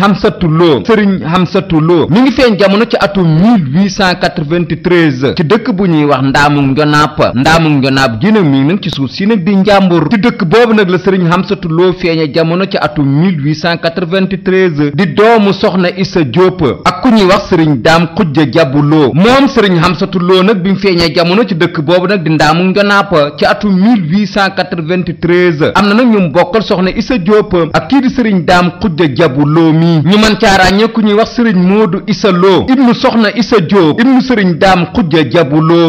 Hamsatu Lo Serigne Hamsatu Lo mi ngi feeñ jamono ci atum 1893 ci dëkk bu ñuy wax Ndaamu Njonaap Ndaamu Njonaap gi nag mi ngi ci suuf si nag di Njàmbur ci dëkk boobu nag la Serigne Hamsatu Lo jamono ci atum 1893 di doomu Soxna isa Diop ak ku ñuy wax Serigne Daam Xujja Jabu Lo moom Serigne Hamsatu Lo nag bi mu feeñee jamono ci dëkk boobu nag di Ndaamu Njonaap ci atum 1893 am na nag ñu bokkal Soxna isa Diop ak kii di Serigne Daam Xujja jabuloo Lo ñu mën caa ràññee ku ñuy wax sëriñ Moodu Isa Lo ibnu soxna Isa Jóob ibnu sëriñ Daam Xujja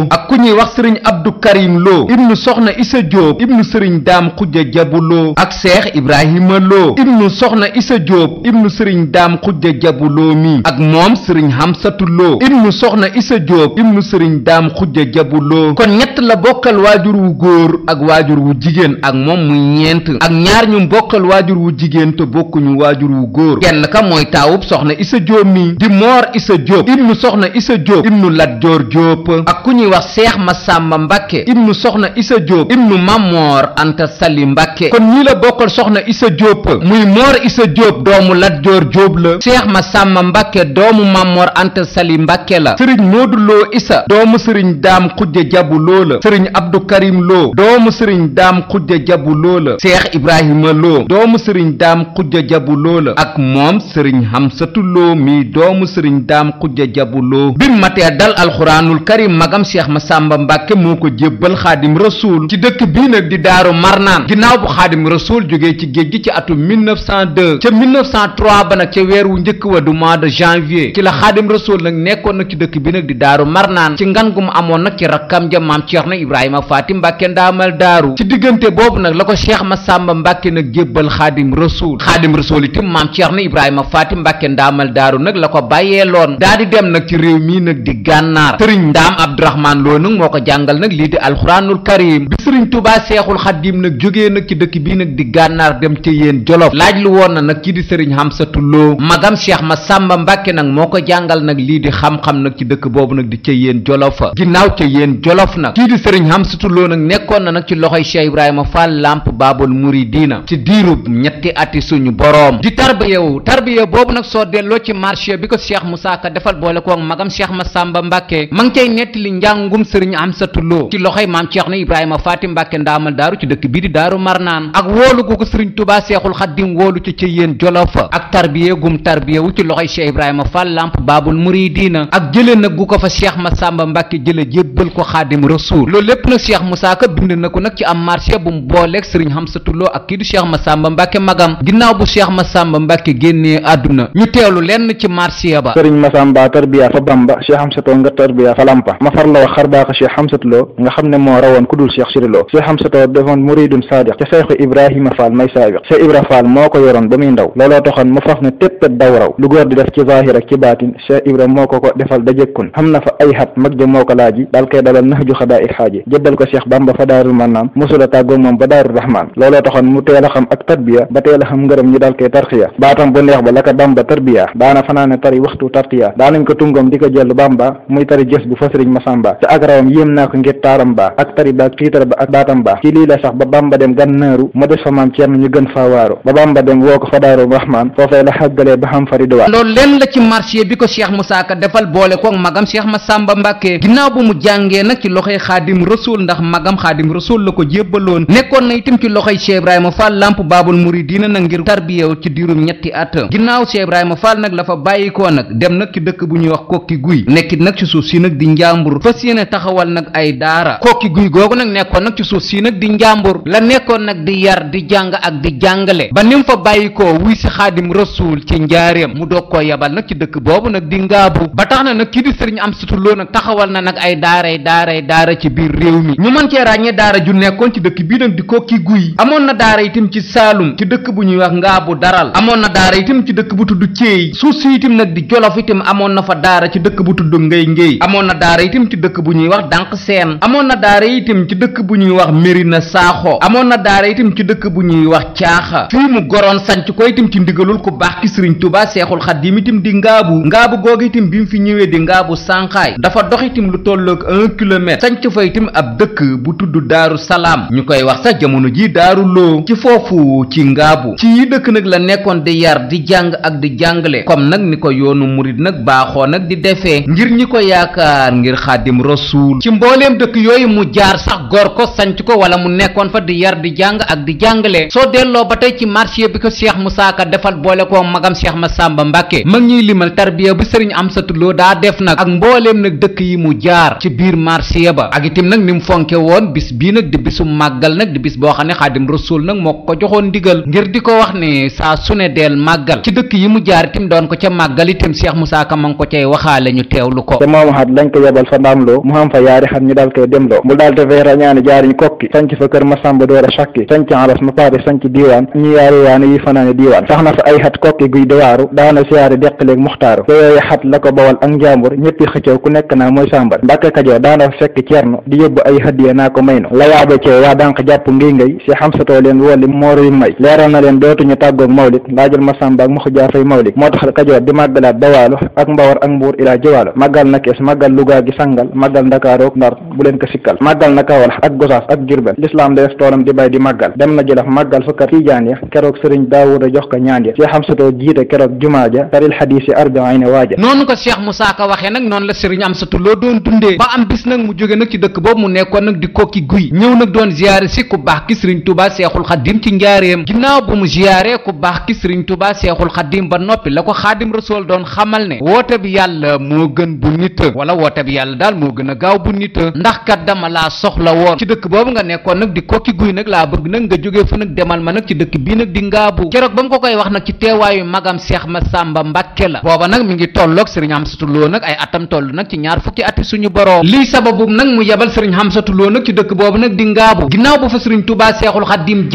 ak ku ñuy wax sëriñ Abdou Karim Lo ibnu soxna Isa Jóob ibnu sëriñ Daam Xujja Jabu Lo ak Seex Ibrahima Lo ibnu soxna Isa Jóob ibnu sëriñ Daam Xujja Jabu Lo mi ak moom sëriñ Hamsatu Lo ibnu soxna Isa Jóob ibnu sëriñ Daam Xujja Jabu Lo kon ñett la bokkal waajur wu góor ak waajur wu jigéen ak moom muy ñeent ak ñaar ñu bokkal waajur wu jigéen te bokkuñu waajur wu góor daanaka mooy taawub soxna isa jóob mi di moor isa jóob ibnu soxna isa jóob ibnu lat joor jóob ak ku ñuy wax seex masàmba mbàkke ibnu soxna isa jóob ibnu mamoor anta sali mbàkke kon ñii la bokkal soxna isa jóob muy moor isa jóob doomu lat jóor jóob la seex masàmba mbàkke doomu mamoor anta sali mbàkke la sëriñ du loo isa doomu sëriñ daam xujja jabu loo la sëriñ abdu karim loo doomu sëriñ daam xujja jabu loo la seex ibrahima loo doomu sëriñ daam xujja jabu loo ak moom sëriñ Hamsatu Lo mi doomu sëriñ daam xujja jabu loo bi matee dal alxuraanul karim magam ma Masamba Mbàkke moo ko jébbal xaadim rasuul ci dëkk bii nag di daaru marnaan ginnaaw bu xaadim rasuul jógee ci géej gi ci atum 1902 ca 1903 ba nag ca weer wu njëkk wa du mois de janvier ci la xaadim rasuul nag nekkoon nag ci dëkk bi nag di daaru marnaan ci ngan gu mu amoon nag ci rakkam ja maam cheikh na ibrahima faati mbàkke ndaamal daaru ci diggante boobu nag la ko cheikh Masamba Mbàkke Ibrahima Faty Mbàkke ndaamal daaru nag la ko bàyyee loon daa di dem nag ci réew mii nag di gànnaar sëriñ ndaam Abdourahmane Lo nag moo ko jàngal nag lii di alxuraanul karim bi sëriñ tubaa seexul xaddiim nag jógee nag ci dëkk bii nag di gànnaar dem ci yéen jolof laaj lu woon na nag kii di sëriñ Xamsatu Lo magam ma sàmba Mbàkke nag moo ko jàngal nag lii di xam-xam nag ci dëkk boobu nag di ca yéen jolofa ginnaaw ca yéen jolof nag kii di sëriñ Xamsatu Lo nag nekkoon na nag ci loxoy Cheikh Ibrahima Fall Lamp Baabul Muridiina ci diirub ñetti ati suñu boroom di tarbiya boobu nag soo delloo ci marché bi ko cheikh Moussa Ka defal boole koog magam cheikh Massamba Mbacke ma ngi cay nettali njàngum sëriñ Amsatou Lo ci loxoy maam Cheikhna Ibrahima Faati Mbacke ndaamal daaru ci dëkk bii di daaru Marnaan ak wóolu gu ko sëriñ Touba Seexul Xaddim wóolu ci ca yéen jolofa ak tarbiya gum tarbiya wu ci loxoy cheikh Ibrahima Fall Lamp Baabul Muridiina ak jëlee nag gu ko fa cheikh Massamba Mbacke jëlee ko Xaadim Rasuul loolu lépp nag cheikh Moussa Ka bind na ko nag ci am marché bu mu booleeg sëriñ Amsatou Lo ak kii di cheikh Massamba Mbacke magam ginnaaw bu cheikh Massamba Mbacke génn génnee àdduna ñu teewlu lenn ci marsiya ba sëriñ masamba tarbiya fa bamba cheikh hamsato nga tarbiya nga xam ne moo rawoon ku dul cheikh siriloo cheikh hamsato defoon muridun sadiq ca sayxu ibrahima fall may saabiq cheikh ibra fall moo ko yoroon ba muy ndaw looloo taxoon mu faf ne daw raw lu góor di def ci zahir ci baatin cheikh ibra moo ko ko defal dajëkkun xam na fa ay xat mag ja moo ko laaji daal koy dalal nax xadaa il xaaji jëddal ko cheikh bamba fa daarul mannaam mu teel a xam ba teel a xam leex ba la ko bamba tarbiya daana fanaane tari waxtu tartiya daanañ ko tungam di ko jël bamba muy tari jës bu fa sëriñ masamba te ak rawam yéem naa ko ngir la sax ba bamba dem gànnaaru mu def fa maam ceerno ñu gën faa waaru ba bamba dem woo ko fa daarum rahman foofee la xàggalee ba xam fariduwaa loolu leen la ci marché bi ko cheikh Moussa defal boole koog magam cheikh masamba mbàkke ginnaaw bu mu jàngee nag ci loxoy xaadim rasul ndax magam xaadim rasul la ko jébbaloon nekkoon na itam ci loxoy cheikh ibrahima fall lamp baabul muridina na ngir tarbiyew ci diirum ñetti at dëkkam ginnaaw Cheikh Ibrahima Fall nag la fa bàyyikoo nag dem nag ci dëkk bu ñuy wax kokki guy nekkit nag ci suuf si nag di njàmbur fas yéene taxawal nag ay daara kokki guy googu nag nekkoon nag ci suuf si nag di njàmbur la nekkoon nag di yar di jàng ak di jàngale ba nim fa bàyyikoo wuy si xaadim rasuul ci njaareem mu doog ko yabal nag ci dëkk boobu nag di ngaabu ba tax na nag kii di sëriñ am sutuloo nag taxawal na nag ay daaray daaray daara ci biir réew mi ñu mën cee ràññee daara ju nekkoon ci dëkk bii nag di kokki guy amoon na daara itam ci saalum ci dëkk bu ñuy wax itam ci dëkk bu tudd Thiey suuf si itam nag di Jolof itam amoon na fa daara ci dëkk bu tudd Ngay Ngéy amoon na daara itam ci dëkk bu ñuy wax Dànq Seen amoon na daara itam ci dëkk bu ñuy wax Mérina Saaxo amoon na daara itam ci dëkk bu ñuy wax Caaxa fii mu goroon sanc ko itam ci ndigalul ku baax ki Sëriñ Tuubaa Seexul Xadiim itam di ngaabu ngaabu googu itam bi mu fi ñëwee di ngaabu sànqaay dafa dox itam lu tolloog un kilomètre sanc fa itam ab dëkk bu tudd Daaru Salaam ñu koy wax sax jamono ji Daaru Loo ci foofu ci ngaabu ci yi dëkk nag la nekkoon di yar di di jàng ak di jàngale comme nag ni ko yoonu murit nag baaxoo nag di defee ngir ñi ko yaakaar ngir xaadim rasuul ci mbooleem dëkk yooyu mu jaar sax gor ko sanc ko wala mu nekkoon fa di yar di jàng ak di jàngale soo delloo ba tey ci marché bi ko Cheikh Moussa Ka defal boole koo magam Cheikh Massamba Mbàkke mag ñuy limal tarbiya bu sëriñ Amsatu Lo daa def nag ak mbooleem nag dëkk yi mu jaar ci biir marché ba ak itim nag ni mu fonke woon bis bii nag di bisu màggal nag di bis boo xam màggal ci dëkk yi mu jaar itam doon ko ca màggal itam Cheikh Moussa Ka ma ngi ko cay waxaale ñu teewlu ko te moomu xat lañ ko yebal fa ndaamloo mu xam fa yaari xat ñu daal koy demloo mu daal dafay a sax na fa ay xat kokki guy dawaaru daana siyaare deqaleeg muxtaaru yooyu xat la ko bawal ak njaambur ñëppi xëccoo ku nekk naa mooy sàmbar mbàkke kajoor daana fa fekk ceerno di yóbbu ay hadiya naa ko may no la yaaba cee waa dànq jàpp ngiy ngay si xam satoo leen Bamba ak Moxoja Fay Mawli moo tax Kajoor di màggalaat Bawalo ak Mbawar ak Mbuur ilaa Jiwaalo màggal na Kees màggal Luga sangal màggal Ndakaarook Ndar bu leen sikkal màggal na Kawlax ak Gosaas ak Jurbel lislaam da def toolam di bay di màggal dem na Jolof màggal fukkat tiijaan jox ko ñaan ya Cheikh Amsatou jiite keroog jumaa ja taril xadiis yi arbaine waaja noonu ko Cheikh Moussa Ka waxee nag noonu la sëriñ Amsatou Lo doon ba am bis nag mu jóge nag ci dëkk boobu mu nekkoon nag seexul xaddim ba noppi la ko xaadim rasool doon xamal ne woote bi yàlla moo gën bu nit wala woote yàlla daal moo gën a gaaw bu nit ndax kat dama laa soxla woon ci dëkk boobu nga nekkoon nag di kokki guy nag laa bëgg nag nga jógee fa nag demal ma nag ci dëkk bii nag di ngaabu keroog ba mu ko koy wax nag ci teewaayu magam seex ma sàmba mbàkke la booba nag mu ngi tolloog sëriñ Hamsatu Lo nag ay atam toll nag ci ñaar fukki ati suñu boroom lii sababum nag mu yebal sëriñ Hamsatu Lo nag ci dëkk boobu nag di ngaabu ginnaaw ba fa sëriñ Tuubaa seexul xaddim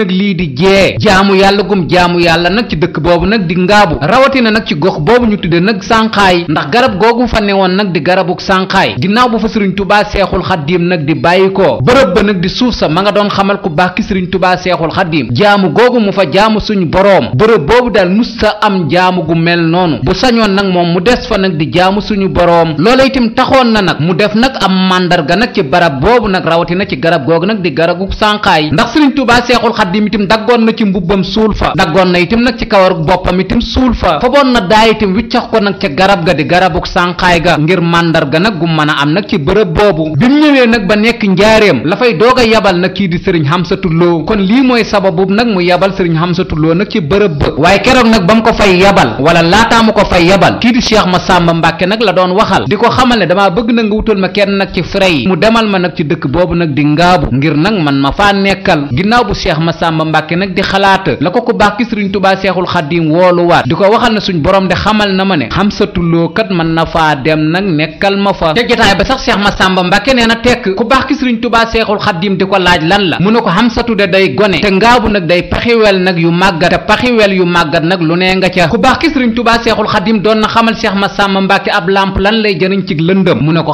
nag lii di jee jaamu yàlla gum jaamu yàlla nag ci dëkk boobu nag di ngaabu rawatina nag ci gox boobu ñu tudde nag sànqaay ndax garab googu fa ne woon nag di garabuk sànqaay ginnaaw bu fa sëriñ tubaa seexul xaddiim nag di bàyyi ko bërëb di suuf sa ma nga doon xamal ku baax ki sëriñ tubaa seexul xaddiim jaamu googu mu fa jaamu suñu boroom bërëb boobu daal mus sa am jaamu gu mel noonu bu sañoon nag moom mu des fa nag di jaamu suñu boroom loola itam taxoon na nag mu def nag am màndarga nag ci barab boobu nag rawatina ci garab googu nag di garabuk sànqaay ndax sëriñ tubaa seexul xaadim itam daggoon na ci mbubbam suul fa daggoon na itam nag ci kawar boppam itam suul fa foboon na daay itam wiccax ko nag ca garab ga di garabuk sànqaay ga ngir màndarga nag gu mën a am nag ci bërëb boobu bi mu ñëwee nag ba nekk njaareem la fay doog a yabal nag kii di sëriñ xamsatuloo kon lii mooy sababu nag mu yabal sëriñ xamsatuloo nag ci bërëb ba waaye keroog nag ba mu ko fay yabal wala laataa mu ko fay yabal kii di cheikh Massamba Mbàkke nag la doon waxal di ko xamal damaa bëgg na nga wutal ma kenn nag ci frais mu demal ma nag ci dëkk boobu nag di ngir nag man ma faa nekkal ginnaaw bu cheikh Massamba Mbàkke nag di xalaat la ko ku baax ki sëriñ tubaa seexul xaddiim wooluwaat di ko waxal na suñ borom de xamal na ma ne xam sa tulloo kat mën na faa dem nag nekkal ma fa ca ba sax seex ma Massamba Mbàkke nee na tekk ku baax ki sëriñ tubaa seexul xaddiim di ko laaj lan la mu ne ko xam sa tudde day gone te ngaabu nag day paxiwel nag yu màggat te paxiwel yu màggat nag lu ne nga ca ku baax ki sëriñ tubaa seexul xaddiim doon na xamal seex ma Mbàkke ab lamp lan lay jëriñ ci lëndëm mu mu ne ko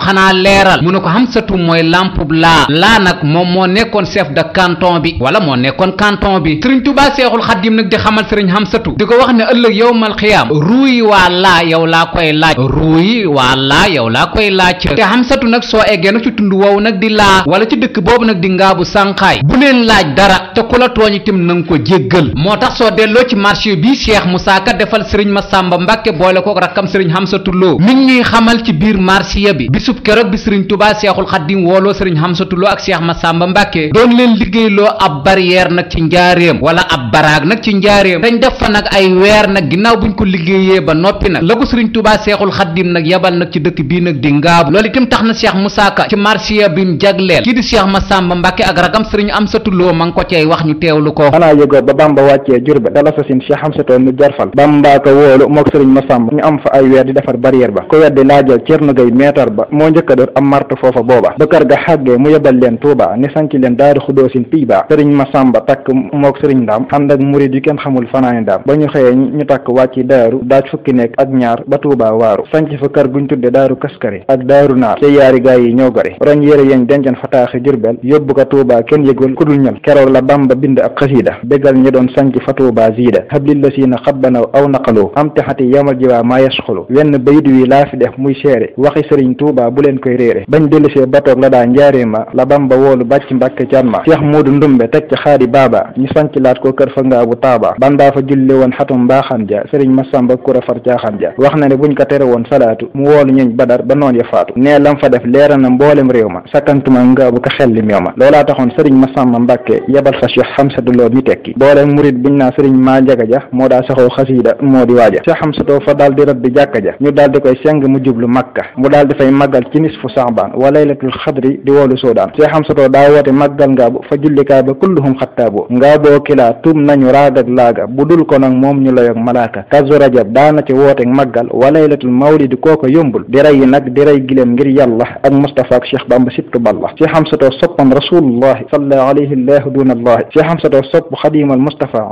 xam satu mooy lamp laa laa nag moom moo canton bi sëriñ tubaa seexul xaddim nag di xamal sëriñ xamsatu di ko wax ne ëllëg yowmal xiyaam ruuy waa laa yow laa koy laaj ruuy waa laa yow laa koy laaj te xamsatu nag soo eggee nag ci tund woow nag di laa wala ci dëkk boobu nag di ngaa ngaabu sànqaay bu leen laaj dara te ku la tooñ itam na nga ko jéggal moo tax soo delloo ci marché bi Cheikh Moussa Ka defal sëriñ Massamba Mbàkke boole ko rakkam sëriñ Xamsatu Lo mi ngi ñuy xamal ci biir marché bi bisub keroog bi sëriñ Tubaa Seexul Xaddim wooloo sëriñ Xamsatu Lo ak Cheikh Massamba Mbàkke doon leen liggéeyloo ab barrière nag nag ci njaareem wala ab baraag nag ci njaareem dañ def fa nag ay weer nag ginnaaw buñ ko liggéeyee ba noppi nag la ko sëriñ tubaa seexul xaddim nag yabal nag ci dëkk bii nag di ngaabu loolu itam tax na seex Musaa Ka ci marsiya bi mu jagleel kii di seex Masàmba Mbàkke ak rakam sëriñ Amsatu Lo ma ngi ko cey wax ñu teewlu ko xanaa yëgoo ba Bamba wàccee Jurbel dala sa sin seex Amsatu mu jarfal Bamba ko wóolu mook sëriñ Masàmba ñu am fa ay weer di defar barrière ba ko weddi laajal Cerno Gay meetar moo njëkk am martu foofa booba ba kër ga xàggee mu yebal leen leen daaru xudóosin takk mook sëriñ ndaam ànd ak murid yu kenn xamul fanaani daam ba ñu xëyee ñu takk wàcc daaru daaj fukki nekk ak ñaar ba tuubaa waaru sanc fa kër guñ tudde daaru kaskari ak daaru naar te yaari gaay yi ñoo gore rañ yére yañ dencan fa taaxi jurbel yóbbu ko tuubaa kenn yëgul kudul ñal keroog la bamba bind ab xasiida bégal ñi doon sanc fa tuubaa ziida hablil la si na aw naqaloo am texati yamal jiwaa maa yasxulu wenn bayit wi laa fi def muy taaba ñu sancilaat ko kër fa ngaabu taaba bandaa fa julli woon xatum mbaaxam ja sëriñ masamba kura far caaxam ja wax na ne buñ ko tere woon salaatu mu woolu ñuñ badar ba noon ya faatu nee fa def leera na mboolem réew ma sakkantuma ngaabu ka xelli meew ma loolaa taxoon sëriñ masamba mbàkke yebal fa cheikh xamsaduloo mi tekki boolem murit buñ naa sëriñ maa jaga ja moo daa saxoo xasiida moo di waaja cheikh xamsadoo fa daal di rabbi jàkka ñu daal di koy seng mu jublu makka mu daal di kitaabu nga bo kila tum nañu raagak laaga budul ko nag moom ñu layoog malaaka kazu rajab daana ci wootek maggal walaylatul mawlidi kooko yombul diray yi nag diray gileem ngir yàlla ak Mustafa ak Cheikh Bamba sittu balla si xamsatoo soppan rasulullahi salla alayhi llahu duna si xamsatoo sopp xadimal Mustafa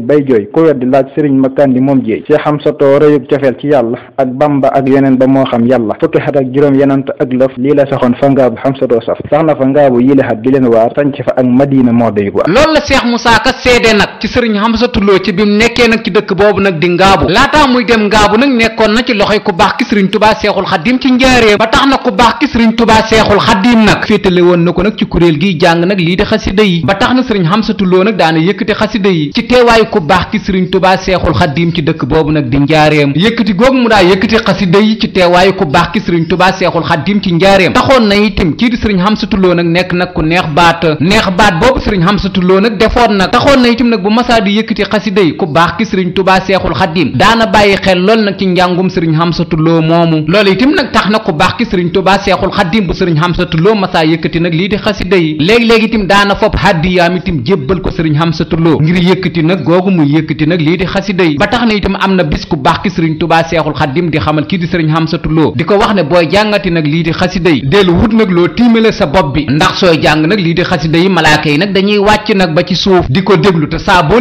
bay jooy ku weddi laaj sëriñ makkaan di moom jeey si xamsatoo rëyub cofeel ci yàlla ak Bamba ak yeneen ba moo xam fukki xat ak juróom yenant ak lëf lii la saxoon fa ngaabu xamsatoo Abi Lahab di leen waar sànc fa ak Madina moo béy ko loolu la Cheikh Moussa Ka seede nag ci sëriñ Hamsatu Lo ci bi mu nekkee nag ci dëkk boobu nag di ngaabu laataa muy dem ngaabu nag nekkoon na ci loxoy ku baax ki sëriñ Tubaa Seexul Xaddiim ci njaareem ba tax na ku baax ki sëriñ Tubaa Seexul Xaddiim nag féetale woon na ko nag ci kuréel gi jàng nag lii di xasida yi ba tax na sëriñ Hamsatu Lo nag daana yëkkati xasida yi ci teewaayu ku baax ki sëriñ Tubaa Seexul Xaddiim ci dëkk boobu nag di njaareem yëkkati googu mu daa yëkkati xasida yi ci teewaayu ku baax ki sëriñ Tubaa Seexul Xaddiim ci njaareem taxoon na itam kii di sëriñ Hamsatu Lo nag nekk nag ku neex baat neex baat boobu sëriñ Xamsatu Lo nag defoon nag taxoon na itam nag bu masaa di yëkkati xasida yi ku baax ki sëriñ Tubaa Seexul Xadiim daana bàyyi xel lool nag ci njàngum sëriñ Xamsatu Lo moomu loolu itam nag tax na ku baax ki sëriñ Tubaa Seexul Xadiim bu sëriñ Xamsatu Lo masaa yëkkati nag lii di xasida yi léegi-léegi itam daana fopp hàddiyaam itam jébbal ko sëriñ Xamsatu Lo ngir yëkkati nag googu muy yëkkati nag lii di xasida yi ba tax na itam am na bis ku baax ki sëriñ Tubaa Seexul Xadiim di xamal kii di sëriñ Xamsatu Lo di ko wax ne booy jàngati nag lii di xasida yi dellu wut nag loo tiimale sa bopp bi ndax koy jàng nag lii di xasida yi malaaka yi nag dañuy wàcc nag ba ci suuf di ko déglu te saa moo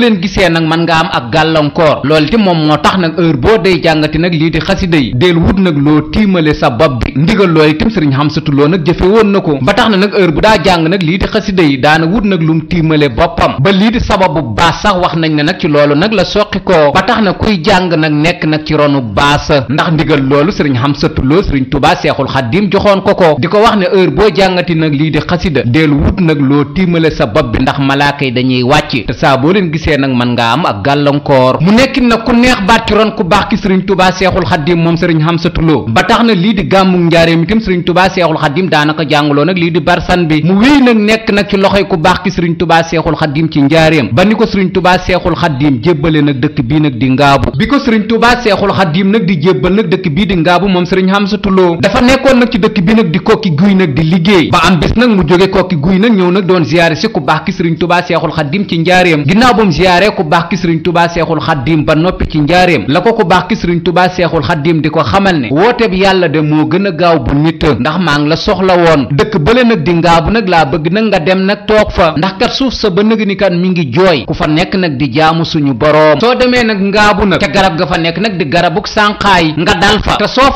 tax nag heure boo day jàngati nag lii di xasida yi deel wut nag loo tiimale sa bopp bi ndigal loolu itam sëriñ Xamsatu Lo nag jëfe woon na ko ba tax na nag heure bu daa jàng nag lii di xasida yi daana wut nag lum tiimale boppam ba lii di sababu baas sax wax nañ ne nag ci loolu nag la soqi koo ba tax na kuy jàng nag nekk nag ci ronu baasa ndax ndigal Lo sëriñ Tuubaa joxoon ko ko di ko wax ne heure boo jàngati nag lii di xasida bind deel wut nag loo tiimale sa bopp bi ndax malaaka yi dañuy wàcc te saa leen gisee nag man nga am ak gàllankoor mu nekkin nag ku neex baat ci ku baax ki sëriñ tubaa seexul xaddim moom sëriñ Xamsatu Lo ba tax na lii di gàmmu njaareem itam sëriñ tubaa seexul xaddim daanaka jàngaloo nag lii di barsan bi mu nekk nag ci loxoy ku baax ki sëriñ tubaa seexul xaddim ci njaareem ba ni ko sëriñ tubaa seexul xaddim jébbale nag dëkk bii nag di ngaabu bi ko sëriñ tubaa seexul xaddim nag di jébbal nag dëkk bii di ngaabu moom sëriñ Xamsatu Lo dafa nekkoon nag ci dëkk bi nag di kokki guy nag di liggéey ba am bis nag mu jóge kokki guy nag ñëw nag doon ziyaare si ku baax ki sëriñ tubaa seexul xaddim ci njaareem ginnaaw ba mu ziyaare ku baax ki sëriñ tubaa seexul xaddim la ko di ko xamal ne wooteeb yàlla de moo gën a gaaw bu nit ndax maa ngi la soxla woon dëkk bële nag di ngaabu nag laa bëgg nag nga dem nag toog fa ndax kat suuf sa ba nëg ni kat mi ngi jooy ku fa nekk nag di jaamu suñu boroom soo demee nag ngaabu nag ca garab ga fa nekk nag di garabuk sànqaay nga dal fa te soo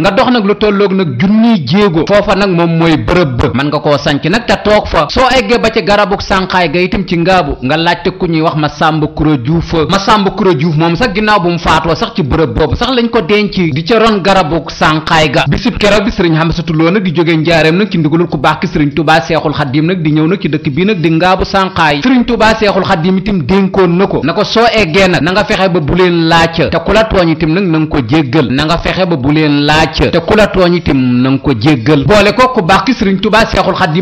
nga dox nag lu tolloog nag junniy jéego foofa nag moom mooy bërëb ba mën sanc nag te toog fa soo eggee ba ca garabuk sànqaay ga itam ci ngaabu nga te ku ñuy wax ma sàmba kura juuf ma sàmba kura juuf moom sax ginnaaw bu mu faatoo sax ci bërëb boobu sax lañ ko denc di ca ron garabuk sànqaay ga bisub keroog bi sëriñ xamsatu loo nag di jógee njaareem nag ci ndigalul ku baax ki sëriñ tubaa seexul xaddiim nag di ñëw nag ci dëkk bii nag di ngaabu sànqaay sëriñ tubaa seexul xaddiim itam dénkoon na ko na ko soo eggee nag na nga fexe ba bu leen laaj te ku la tooñ itam nag na nga ko jéggal na nga fexe ba bu leen laaj te ku la tooñ itam na nga ko jéggal boole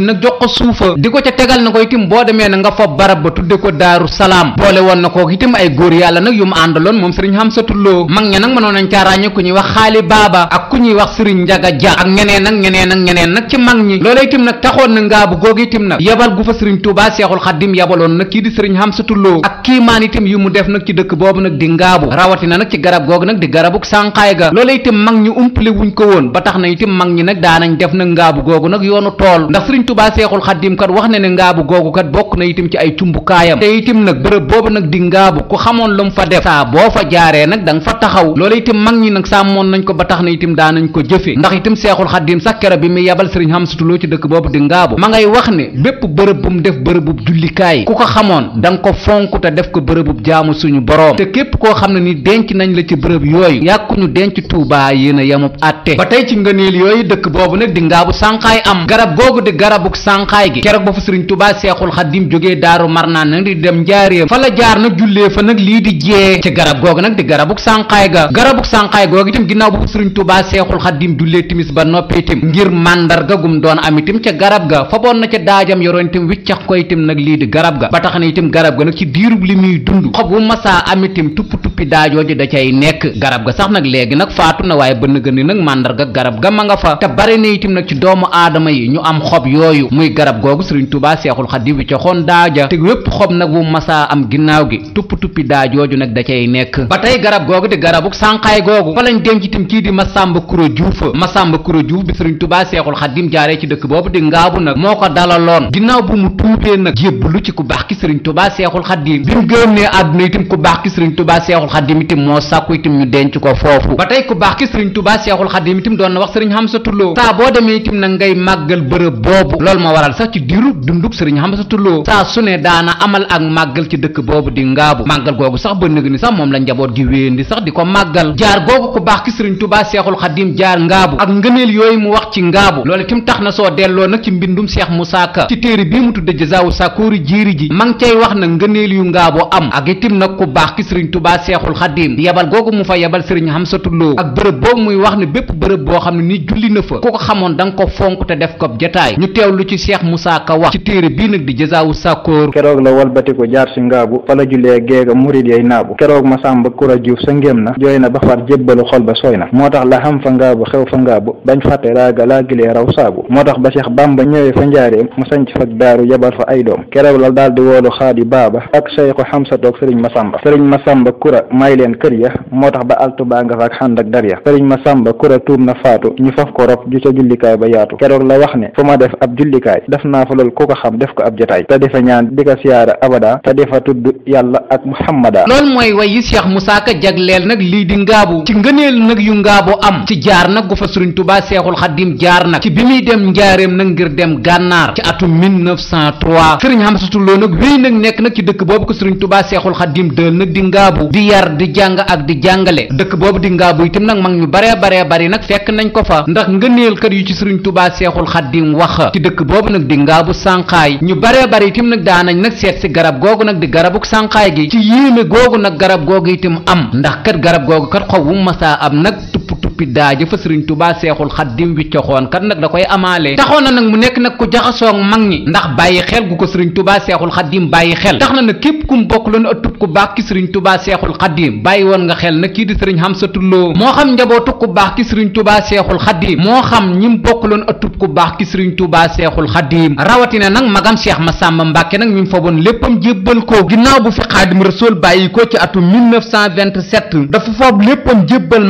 nag jox ko suufa di ko ca tegal na ko itam boo demee na nga fob barab ba tudde ko daaru salaam boole woon na ko itam ay góor yàlla nag yu mu àndaloon moom sëriñ Xamsatu Lo mag ña nag mënoon nañ caa ràññe ku wax xaali baaba ak ku ñuy wax sëriñ njaga ja ak ñeneen nag ñeneen nag ñeneen nag ci mag ñi loola itam nag taxoon na ngaabu googu itam nag yebal gu fa sëriñ Tuubaa Seexul Xaddim yebaloon nag kii di sëriñ Xamsatu Lo ak kiimaan itam yu mu def nag ci dëkk boobu nag di ngaabu rawatina nag ci garab googu nag di garabuk sànqaay ga itam mag ñi umpale ko woon ba tax na itam mag ñi nag daanañ def nag ngaabu googu nag yoonu tool tubaa seexul xaddim kat wax na ne ngaabu googu bokk na itam ci ay cumbukaayam te itam nag bërëb boobu nag di ngaabu ku da nga fa taxaw loolu itam mag ñi ko ba tax na itam daanañ ko jëfe ndax itam seexul xaddim sax kera bi muy yabal sëriñ xamsatuloo ci dëkk boobu di ngaabu ma ngay wax ne bépp bërëb bu mu def da nga ko fonk te def koo xam ne ni denc nañ la ci bërëb yooyu yàkkuñu denc tuubaa yéen a yamub atte ba tey ci ngëneel yooyu dëkk boobu nag di ngaabu sànqaay am garab googu di garab ragabuk sànqaay gi keroog ba fa sëriñ tubaa seexul xaddim jógee daaru marnaan nag di dem njaareem fa la jaar nag jullee fa nag lii di jee ci garab googu nag di garabuk sànqaay ga garabuk sànqaay googu itam ginnaaw ba fa sëriñ tubaa seexul xaddim jullee timis ba noppi itam ngir màndarga gum doon am itam ca garab ga faboon na ca daajam yoroon itam wiccax ko tam nag lii di garab ga ba tax na tam garab ga nag ci diirub li muy dund xob wu masaa am itam tupp-tuppi daajooji da cay nekk garab ga sax nag léegi nag faatu na waaye bënn ga ma yooyu muy garab googu sëriñ tubaa seexul xadim wi coxoon daaja te wépp xob nag wu masaa am ginnaaw gi tupp tuppi daa nag da nekk ba tey garab googu di garabuk sànqaay googu fa lañ denc itam kii di masàmba kuro juuf masàmba kuro juuf bi sëriñ tubaa seexul xadim jaaree ci dëkk boobu di ngaabu nag moo ko dalaloon ginnaaw bu mu tuubee nag jébbalu ci ki sëriñ tubaa seexul xadim bi mu génnee àdduna itam ku baax ki sëriñ tubaa seexul xadim itam moo sàkku itam ñu denc ko foofu ba tey ku baax ki sëriñ tubaa seexul xadim itam doon na wax sëriñ xamsatuloo saa boobu loolu moo waral sax ci diirub dundug sëriñ Xamsatu Lo saa su ne daana amal ak màggal ci dëkk boobu di ngaabu màggal googu sax ba nëg ni sax moom la njaboot gi di sax di ko màggal jaar googu ku baax ki sëriñ Tuubaa Seexul Xadiim jaar ngaabu ak ngëneel yooyu mu wax ci ngaabu loolu tim tax na soo delloo nag ci mbindum Seex mu Ka ci téere bii mu tudde Jazaawu Sakkoori Jéeri ji ma ngi cay wax na ngëneel yu ngaabu am ak itim nag ku baax ki sëriñ Tuubaa Seexul Xadiim yebal googu mu fa yebal sëriñ Xamsatu Lo ak bërëb boobu muy wax ne bépp bërëb boo xam ne ni na fa ku ko ko fonk te def ko teew lu ci Cheikh Moussa Ka wax ci téere bii nag di jësaawu sàkkoor keroog la walbati ko jaar si ngaabu fa la julee géega murid yay naabu keroog ma sàmba kura juuf sa ngéem na jooy na ba far jébbalu xol ba sooy na moo tax la xam fa ngaabu xew fa ngaabu bañ fàtte raaga laa gilee raw saabu moo tax ba Cheikh Bamba ñëwee fa njaareem mu sanc fag daaru yabal fa ay doom keroog la daal di woolu xaadi baaba ak Cheikh Hamsa toog sëriñ Masamba sëriñ Masamba kura may leen kër ya moo tax ba altubaa nga fa ak xànd ak dar ya sëriñ Masamba kura tuub na faatu ñu faf ko rob ju ca jullikaay ba yaatu keroog la jullikaay def naa fa loolu ku ko xam def ko ab jotaay te defa ñaan di ko siyaara abada te tudd yàlla ak muhammada loolu mooy way yi Cheikh Moussa jagleel nag lii di ngaabu ci ngëneel nag yu ngaabu am ci jaar nag gu fa Sëriñ Tuubaa Seexul Xaddim jaar nag ci bi muy dem njaareem nag ngir dem gànnaar ci atum 1903 Sëriñ Hamsatu Lo nag wéy nag nekk nag ci dëkk boobu ko Sëriñ Tuubaa Seexul Xaddim dël nag di ngaabu di yar di jàng ak di jàngale dëkk boobu di ngaabu itam nag dëkk boobu nag di ngaabu sànqaay ñu baree bari itam nag daanañ nag seet si garab googu nag di garabuk sànqaay gi ci yéeme googu nag garab googu itam am ndax kat garab googu kat xob wu masaa am nag suppi daaja fa sëriñ tubaa seexul xaddim wiccoxoon kat nag da koy amaale taxoon na nag mu nekk nag ku jaxasoog mag ñi ndax bàyyi xel gu ko sëriñ tubaa seexul xaddim bàyyi xel tax na nag képp kum bokk loonu ëttub woon nga xel na kii di sëriñ xamsatu lo moo xam njabootu ku baax ki sëriñ tubaa seexul xaddim moo xam ñim bokk loon ëttub ku baax ki sëriñ tubaa seexul xaddim rawatina nag magam cheikh masamba mbàkke nag mi mu faboon léppam jébbal ko ginnaaw bu fi xaadim rasool bàyyi ko ci atum 1927 dafa foob léppam jébbal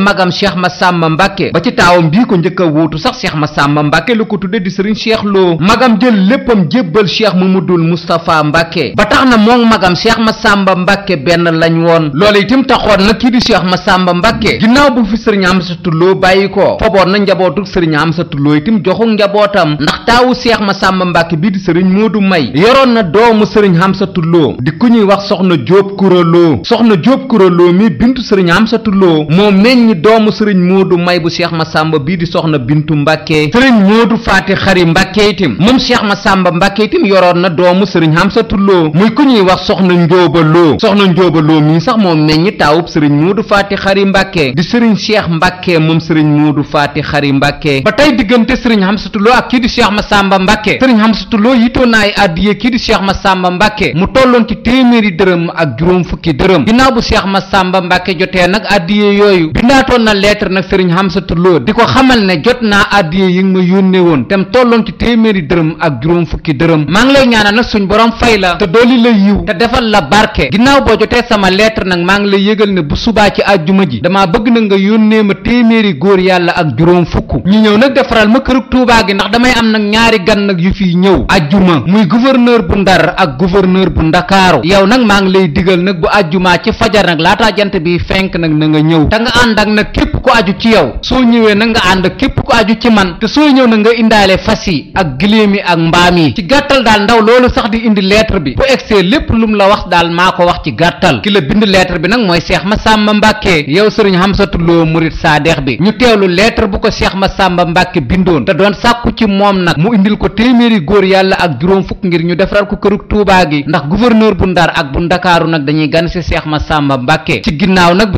Masamba Mbàkke ba ci taawam bii ko njëkk a wuutu sax Cheikh Masamba Mbàkke la ko tudde di Serigne Cheikh Lo magam jël léppam jébbal Cheikh Mamadul Moustapha Mbàkke ba tax na moom magam Cheikh Masamba Mbàkke benn lañ woon loolu itam taxoon na kii di ma sàmba Mbàkke ginnaaw bu fi Serigne Amsatou Lo bàyyi ko foboon na njabootu am sa Lo itam joxu njabootam ndax taawu ma Masamba Mbàkke bii di Serigne Modou May yoroon na doomu sëriñ am Amsatou Lo di ku ñuy wax soxna Jóob Kuraloo soxna Jóob Kuraloo mi moodu may bu cheikh masàmba bii di soxna bintu mbàkke sëriñ moodu faati xari mbàkke itam moom cheikh masàmba mbàkke itam yoroon na doomu sëriñ xamsatuloo muy ku ñuy wax soxna njóoba loo soxna njóoba loo mii sax moom meññi taawub sëriñ moodu faati xari mbàkke di sëriñ cheikh mbàkke moom sëriñ moodu faati xari mbàkke ba tey diggante sëriñ xamsatuloo ak kii di ma masàmba mbàkke sëriñ xamsatuloo yitoon na ay addiye kii di cheikh masàmba mbàkke mu tolloon ci téeméeri ak juróom fukki dërëm ginnaaw bu cheikh masàmba mbàkke sëriñ Hamsatu Lo di ko xamal ne jot naa addiye yi nga ma yónnee woon dem tolloon ci téeméeri dërëm ak juróom fukki dërëm maa ngi lay ñaanal nag suñ borom fay la te dooli la yiw te defal la barke ginnaaw boo jotee sama lettre nag maa ngi lay yëgal ne bu subaa ci àjjuma ji damaa bëgg nag nga yónnee ma téeméeri góor yàlla ak juróom fukk ñu ñëw nag defaral ma kërug Tuubaa gi ndax damay am nag ñaari gan nag yu fiy ñëw àjjuma muy gouverneur bu Ndar ak gouverneur bu Ndakaaru yow nag maa ngi lay digal nag bu àjjuma ci fajar nag bi fenk nag nga ñëw ci soo ñëwee nag nga ànd ak képp ku aju ci man te sooy ñëw na nga indaale fas yi ak giléem yi ak mbaam yi ci gàttal daal ndaw loolu sax di indi lettre bi bu egsee lépp lu mu la wax daal maa ko wax ci gàttal ki la bind lettre bi nag mooy ma Massamba Mbacke yow sëriñ Hamsatou Lo murit saadeex bi ñu teewlu lettre bu ko ma Massamba Mbacke bindoon te doon sàkku ci moom nag mu indil ko téeméeri góor yàlla ak juróom fukk ngir ñu defaral ko kërug Tuubaa gi ndax gouverneur bu Ndar ak bu Ndakaaru nag dañuy gan si Cheikh Massamba Mbacke ci ginnaaw nag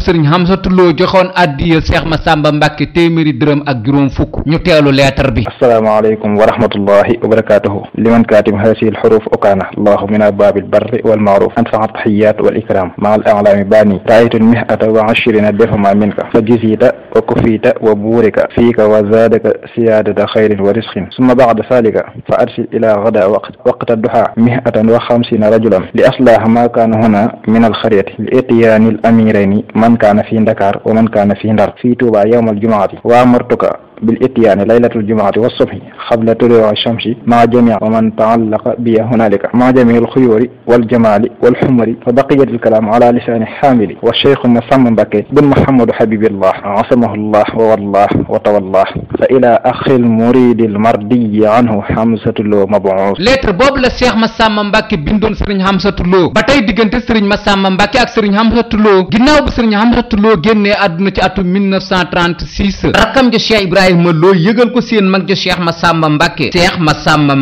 Massamba Mbàkke téeméeri dërëm ak juróom fukk ñu teelu leetar bi asalaamaaleykum wa rahmatullahi wa barakatuhu liman kaatim haasihi alxuruf ukaana allahu mina baabil barri walmaaruf anfaa taxiyat wal ikram maa al alaami baani raaytu mihata wa ashirina defama minka fa jisita wa kufiita wa buurika fiika wa zaadaka siyaadata xayrin wa risqin summa baada salika fa arsil ila gada waqta duha mihatan wa xamsina rajulan li aslaha ma kaana huna min alxariyati li itiyaani al amirayni man kaana fi ndakaar wa man kaana fi ndar fi tuuba yawmal jumaati wa amartuka بالإتيان ليلة الجمعة والصبح قبل طلوع الشمس مع جميع ومن تعلق بي هنالك مع جميع الخيور والجمال والحمر فبقية الكلام على لسان حامل والشيخ مسمى بكي بن محمد حبيب الله عصمه الله ووالله وتوالله فإلى أخ المريد المردي عنه حمزة لو مبعوث lettre boobu la Cheikh Massamba Mbacke bindoon Serigne Hamsatou Lo ba tey diggante Serigne Massamba Mbacke ak Serigne Hamsatou Lo ginnaaw bi Serigne Hamsatou Lo génnee àdduna ci atum 1936 rakam ja Cheikh Ibrahima Ibrahima Lo yëgal ko seen mag ja Cheikh Massamba Mbacke Cheikh Massamba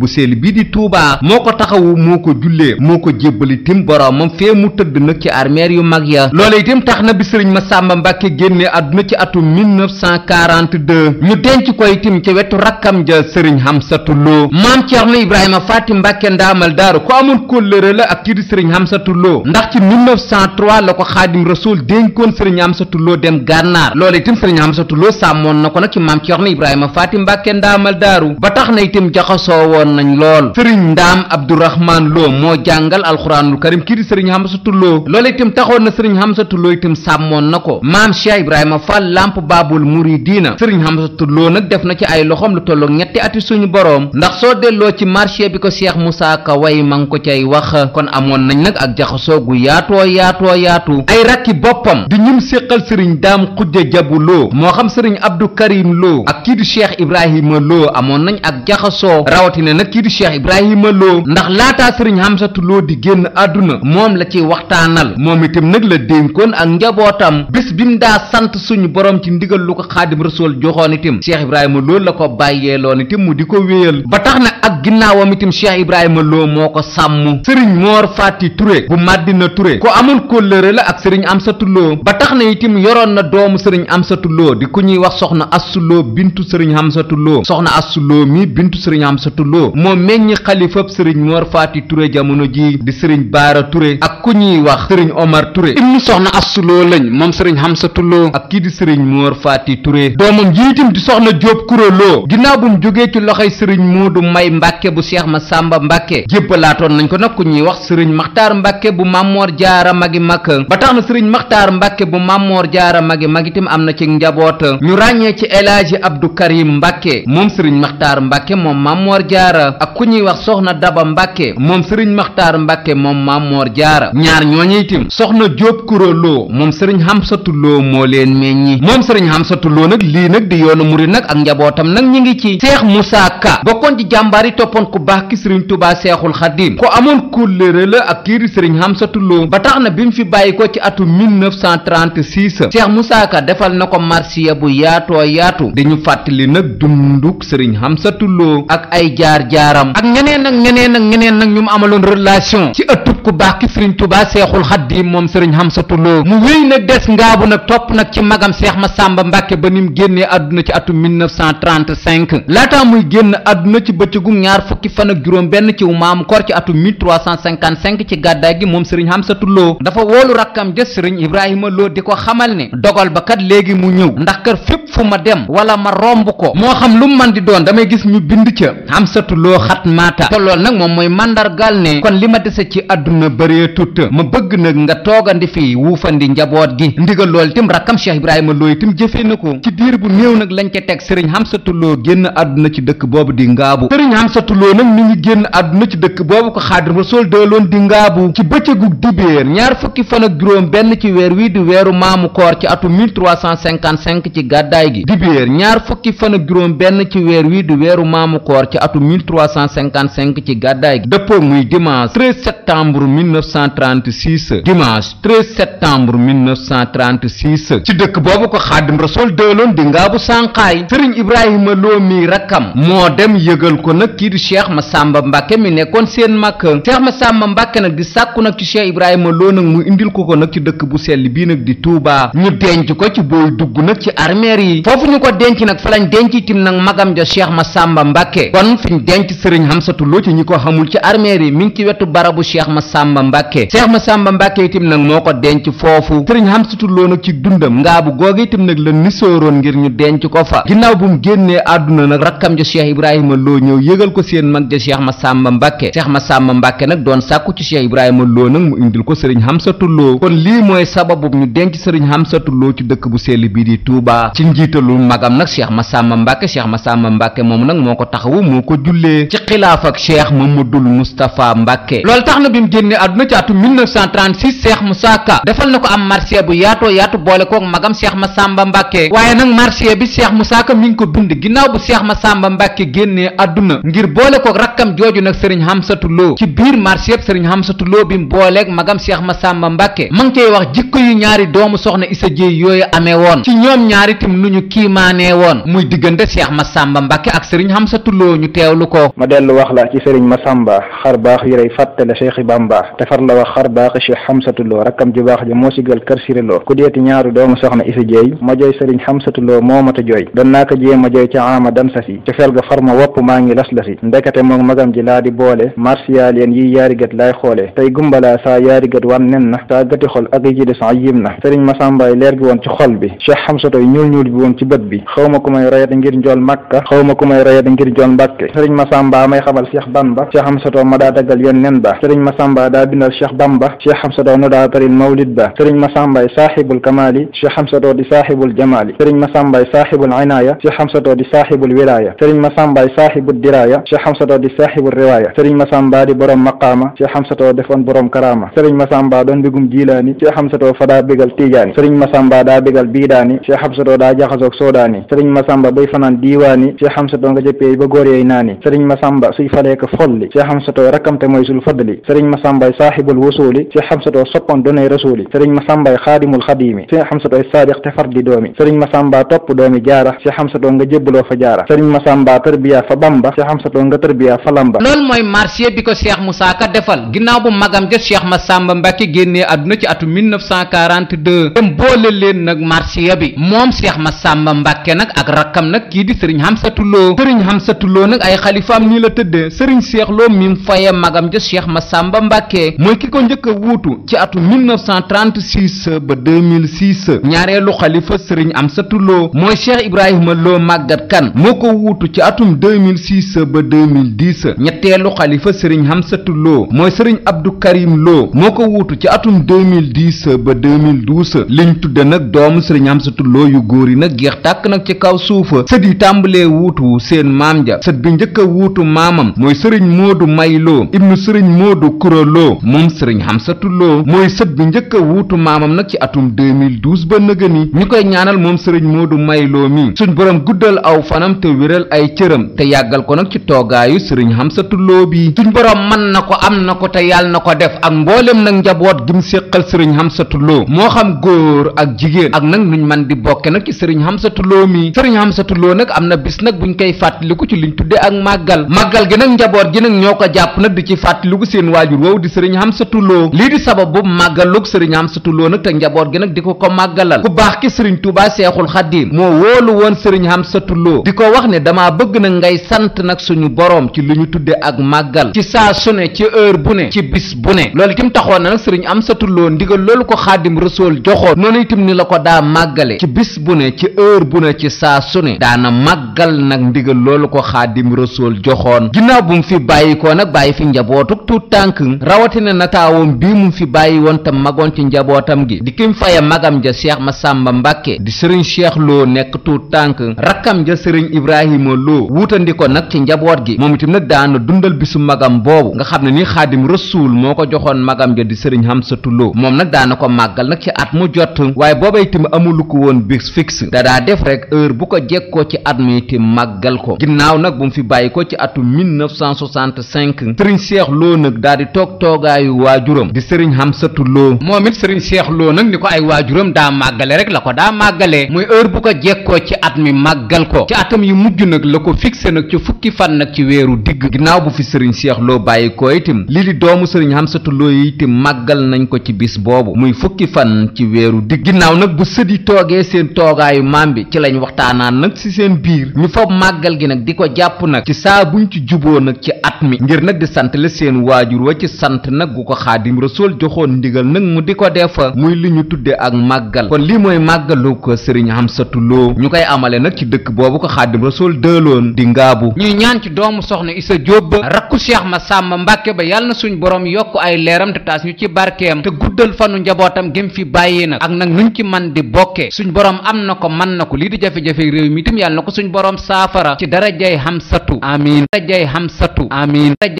bu sell bii di Touba moo ko taxawu moo ko jullee moo ko jébbal itam boroomam mu tëdd nag ci armeer yu mag ya loole itam tax na bi sëriñ Massamba Mbacke génne àdduna ci atum 1942 ñu denc ko itam ca wetu rakkam ja sëriñ Hamsatu Lo maam Thierno Ibrahima Fatim Mbacke ndaamal daaru ko amoon kóllëre la ak kii di sëriñ Hamsatu Lo ndax ci 1903 la ko xaadim rasul dénkoon sëriñ Hamsatu Lo dem gànnaar ñaar loolu itam sëriñ Amsatu Lo sàmmoon na ko nag ci maam Cerno Ibrahima Faati Mbàkke ndaamal daaru ba tax na itam jaxasoo woon nañ lool sëriñ ndaam Abdourahman loo moo jàngal alxuraanul karim kii di sëriñ Amsatu Lo loolu itam taxoon na sëriñ Amsatu Lo itam sàmmoon na ko maam Cheikh Ibrahima Fall lamp baabul muridiina sëriñ Amsatu Lo nag def na ci ay loxoom lu tolloog ñetti ati suñu boroom ndax soo delloo ci marché bi ko Cheikh Moussa Ka way ma ngi ko cay wax kon amoon nañ nag ak jaxasoo gu yaatoo yaatu ay rakki boppam Khadija Jabu Lo moo xam sëriñ Abdou Karim Lo ak kii du Cheikh Ibrahima Lo amoon nañ ak jaxasoo rawatina nag kii du Cheikh Ibrahima Lo ndax laataa sëriñ Hamsatu loo di génn àdduna moom la ci waxtaanal moom itam nag la dénkoon ak njabootam bis bi mu daa sant suñu borom ci ndigal lu ko Xaadim Rasool joxoon itam Cheikh Ibrahima Lo la ko bàyyeeloon itam mu di ko wéyal ba tax na ak ginnaawam itam Cheikh Ibrahima Lo moo ko sàmm sëriñ Moor Fati Touré bu Madina ko amoon kóllëre la ak sëriñ Hamsatu Lo ba tax na sëriñ Amsatu di ku ñuy wax soxna Assu Lo bintu sëriñ Amsatu Lo soxna Assu Lo mi bintu sëriñ Amsatu Lo moo meññi xalifab sëriñ Mor Faati Touré jamono ji di sëriñ Baara Touré ak ku ñuy wax sëriñ Omar Touré ibnu soxna Assu Lo lañ moom sëriñ Amsatu Lo ak kii di sëriñ Mor Faati Touré doomam ji itam di soxna Jóob Kuré Lo ginnaaw bu mu jógee ci loxoy sëriñ Moodu May Mbàkke bu Seex Masàmba Mbàkke jébbalaatoon nañ ko nag ku ñuy wax sëriñ Maxtaar Mbàkke bu Màmmoor Jaara magi mag itam am na ci njaboot ñu ràññee ci El Hadji Abdou Karim Mbacke moom sëriñ Maxtaar Mbacke moom Mamor Jaara ak ku ñuy wax soxna Daba Mbacke moom sëriñ Maxtaar Mbacke moom Mamor Jaara ñaar ñooñu itam soxna Jóob Kuraloo moom sëriñ Xamsatu Loo moo leen meññi moom sëriñ Xamsatu Loo nag lii nag di yoonu murid nag ak njabootam nag ñi ngi ci Seex Musaa Ka bokkoon ci jàmbaar yi ku baax ki sëriñ Tuubaa Seexul Xadiim ko amoon kóllëre la ak kii di sëriñ Xamsatu ba tax na bi mu fi bàyyi ko ci atum 1936 yàlla defal na ko marsiya bu yaatoo yaatu di fàttali nag dunduk sëriñ Hamsatou ak ay jaar-jaaram ak ñeneen ak ñeneen ak ñeneen nag ñu mu amaloon relation ci ëttub ku baax ki sëriñ tubaa Seexul xat Xaddiim moom sëriñ Hamsatou Lo mu wéy nag des ngaabu nag topp nag ci magam Seex Masàmba Mbàkke ba ni mu génnee àdduna ci atum 1935 laataa muy génn àdduna ci bëccëgu ñaar fukki fan ak juróom benn ci maamu koor ci atum ci gàddaay gi moom sëriñ Hamsatou Lo dafa woolu rakkam ja sëriñ Ibrahima Lo kat léegi mu ñëw ndax kat fépp fu ma dem wala ma romb ko moo xam lu man di doon damay gis ñu bind ca am satu loo xat maata te lool nag moom mooy màndargaal ne kon li ma dese ci àdduna bëree tut ma bëgg nag nga toogandi fii wuufandi njaboot gi ndigal lool tim rakkam Cheikh Ibrahima Looy tim jëfee na ko ci diir bu néew nag lañ ca teg sëriñ Hamsatu Loo génn àdduna ci dëkk boobu di ngaabu sëriñ Hamsatu Loo nag mi ngi génn àdduna ci dëkk boobu ko Xaadim Rasuul deeloon di ngaabu ci bëccëgu dibéer ak juróom benn ci weer wii di weeru 1355 ci gàddaay gi dibéer ñaar fukki fan ak juróom benn ci weer wi di weeru maamu koor ci atu 1355 ci gàddaay gi dëppoo muy dimanche 13 septembre 1936 dimanche 13 septembre 1936 ci dëkk boobu ko xaadim rasool dëloon di ngaabu sànqaay sëriñ ibrahima mii mi rakkam moo dem yëgal ko nag kii di ma masamba mbàkke mi nekkoon seen seex ma masamba mbàkke nag di sàkku nag ci cheikh ibrahima loo nag mu indil ko ko nag ci dëkk bu selli bii nag di Touba ñu denc ko ci booy dugg nag ci armeer yi foofu ñu ko denc nag fa lañ denc itim nag magam ja cheikh Massamba Mbàkke kon fi ñu denc sëriñ Hamsatu Lo ci ñi ko xamul ci armeer yi mi ngi ci wetu barabu cheikh Massamba Mbàkke cheikh Massamba nag moo ko denc foofu sëriñ Hamsatu Lo nag ci dundam ngaabu googu itim nag la nisooroon ngir ñu denc ko fa ginnaaw bu mu génnee àdduna nag rakkam ja cheikh Ibrahima Lo ñëw yëgal ko seen mag ja cheikh Massamba Mbàkke cheikh Massamba Mbàkke nag doon sàkku ci cheikh Ibrahima Lo nag mu indil ko sëriñ Hamsatu Lo kon lii mooy sababu ñu ci dëkk dëkk bu sell bii di Touba ci njiitalu magam nag Cheikh Massamba Mbacke Cheikh Massamba Mbacke moom nag moo ko taxawu moo ko jullee ci xilaaf ak Cheikh na bi mu génnee àdduna ci atum 1936 Cheikh Moussa Ka defal na ko am marché bu yaatoo yaatu boole koog magam Cheikh Massamba Mbacke waaye nag marché bi Cheikh Moussa Ka mi ko bind ginnaaw bu Cheikh Massamba Mbacke génnee bi Serigne Hamsatou Lo bi mu booleeg magam Cheikh Massamba Mbacke ma ngi koy wax jikko yu ñaari doomu soxna Issa Dieye yooyu amee woon ci ñoom ñaari tim nu ñu kiimaanee woon muy diggante Cheikh Massamba Mbacke ak Serigne Hamsatou Lo ñu lu ko. ma dellu wax la ci ma Massamba xar baax yi lay fàttale Cheikh Bamba defar la wax xar baax Cheikh Hamsatou Lo rakkam ju baax ja moo sigal kër Siré Lo ku deeti ñaaru doomu soxna Isa Jeey ma jooy Serigne Hamsatou Lo moo mat jooy doon naa ko jiyee ma jooy ca ama dan sa si cofeel ga far ma wopp maa ngi las lasi ndekete moom magam ji laa di boole marsiyaal yéen yi yaarigat laay tey gumbalaa saa yaarigat wan nen na saa gati xol ak yi ci des xol bi cheikh xamsa toy ñuul ñuul bi woon ci bët bi xaw ma ku may royate ngir njool màkka xaw ma ku may royate ngir njool mbàkke sëriñ masamba may xamal cheikh bamba cheikh xamsa toy ma daa daggal yoon nen ba sëriñ masamba daa bindal cheikh bamba cheikh xamsa toy nu daa taril mawlid ba sëriñ masambay saaxibul kamali cheikh xamsa toy di saaxibul jamali sëriñ masambay saaxibul inaaya cheikh xamsa toy di saaxibul wilaya sëriñ masambay saaxibul diraya cheikh xamsa toy di saaxibul riwaya sëriñ masamba di borom maqaama cheikh xamsa toy defoon borom karama sëriñ masamba doon bigum jilaani cheikh xamsa toy fa daa bigal tijaani sëriñ masamba daa digal biidaani cheikh xamsatoo daa jaxasoog soodaani sëriñ masamba buy fanaan diiwaani cheikh xamsatoo nga jëppeey ba góor yey naani sëriñ masamba suy faleeka folli cheikh xamsatoo rakkamte mooy sul fadli sëriñ masambay saaxibul wusuuli cheikh xamsatoo soppan donay rasuuli sëriñ masambay xaadimul xadiimi cheikh xamsatooy saadiq te far di doomi sëriñ masamba topp doomi jaara cheikh xamsatoo nga jébbaloo fa jaara sëriñ masamba tërbiya fa bamba cheikh xamsatoo nga tërbiya fa lamba loolu mooy marché bi ko cheikh Moussa Ka defal ginnaaw bu magam ja cheikh marsiya bi moom Cheikh Massamba Mbàkke nag ak rakkam nag kii di sëriñ Hamsatu Lo sëriñ Hamsatu Lo nag ay xalifaam nii la tëddee sëriñ Cheikh Lo mim faye magam ja Cheikh Massamba Mbàkke mooy ki ko njëkk a wuutu ci atu 1936 ba 2006 ñaareelu xalifa sëriñ Hamsatu Lo mooy Cheikh Ibrahima loo màggat kan moo ko wuutu ci atum 2006 ba 2010 ñetteelu xalifa sëriñ Hamsatu Lo mooy sëriñ Abdou Karim Lo moo ko wuutu ci atum 2010 ba 2012 liñ tudde nag doomu sëriñ Amsatu Lo yu góor yi nag jeex tàkk nag ci kaw suufa sët tàmbalee wuutu seen maam ja sët bi njëkk a wuutu maamam mooy sëriñ Moodu Mayloo ibnu sëriñ Moodu Kura Lo moom sëriñ Amsatu Lo mooy sët bi njëkk a wuutu maamam nag ci atum 2012 ba nëga ni ñu koy ñaanal moom sëriñ du Mayloo mi suñ boroom guddal aw fanam te wéral ay cëram te yàggal ko nag ci toogaayu sëriñ Amsatu Lo bi suñ borom mën na ko am na ko te yàlla na ko def ak mboolem nag njaboot gi mu séqal sëriñ Amsatu Lo leen ak nag nuñ man di bokke nag ci sëriñ Hamsatu Lo mi sëriñ Hamsatu Lo nag am na bis nag buñ koy fàttaliku ci ñu tudde ak màggal màggal gi nag njaboot gi nag ñoo ko jàpp nag di ci fàttaliku seen waajur woowu di sëriñ Hamsatu Lo lii di sababu màggalug sëriñ Hamsatu Lo nag te njaboot gi nag di ko ko màggalal ku baax ki sëriñ Tuubaa Seexul Xadiim moo wóolu woon sëriñ Hamsatu Lo di ko wax ne damaa bëgg nag ngay sant nag suñu boroom ci li ñu tudde ak màggal ci saa su ne ci heure bu ne ci bis bu ne loolu itam taxoon na nag sëriñ Hamsatu Lo ndigal loolu ko Xaadim Rasuul joxoon noonu itam ni la ko daa màggale ci bis bu ne ci heure bu ne ci saa su ne daana màggal nag ndigal loolu ko xaadim rasool joxoon ginnaaw bu mu fi bàyyi ko nag bàyyi fi njabootuk tu tànk rawatina na taawam bii mu fi bàyyi woon te magoon ci njabootam gi di kim faye magam ja cheikh masamba mbàkke di sëriñ cheikh loo nekk tu tànk rakkam ja sëriñ ibrahima loo wuutandi ko nag ci njaboot gi moom itam nag daana dundal bisu magam boobu nga xam ne ni xaadim rasool moo ko joxoon magam ja di sëriñ hamsatu loo moom nag daana ko màggal nag ci at mu jot waaye boobay itam amulu ko woon bis fixe da daa def rek heure ko jekkoo ci at mi màggal ko ginnaaw nag bu mu fi bàyyi ko ci atum 1965 sëriñ seex loo nag daa di toog toogaayu waajuram di sëriñ xamsatu loo moom it sëriñ seex nag ni ko ay waajuram daa màggale rek la ko daa màggalee muy heure bu ko jekkoo ci at mi màggal ko ci atam yi mujj nag la ko fixé nag ci fukki fan nag ci weeru digg ginnaaw bu fi sëriñ seex loo bàyyi ko itam li di doomu sëriñ xamsatu loo yi itam màggal nañ ko ci bis boobu muy fukki fan ci weeru digg ginnaaw nag bu sëdi toogee seen toogaayu maam bi ci lañ waxtaanaan nag si seen biir ñu fab màggal gi nag di ko jàpp nag ci saa buñ ci juboo nag ci at mi ngir nag di sant la seen waajur wa ci sant nag gu ko xaadim rasool joxoon ndigal nag mu di ko def muy li ñu tudde ak màggal kon lii mooy màggalu ko sëriñ Hamsatou Lo ñu koy amale nag ci dëkk boobu ko xaadim rasool dëloon di ngaabu ñuy ñaan ci doomu soxna sa Jóob ba rakku ma Massamba Mbàkke ba yàl suñ borom yokk ay leeram man di bokkee suñ boroom am na ko man na ko lii di jafe-jafe réew mi itam yàlla na ko suñ boroom saafara ci darajay Hamsatu amiin darajay Hamsatu amiin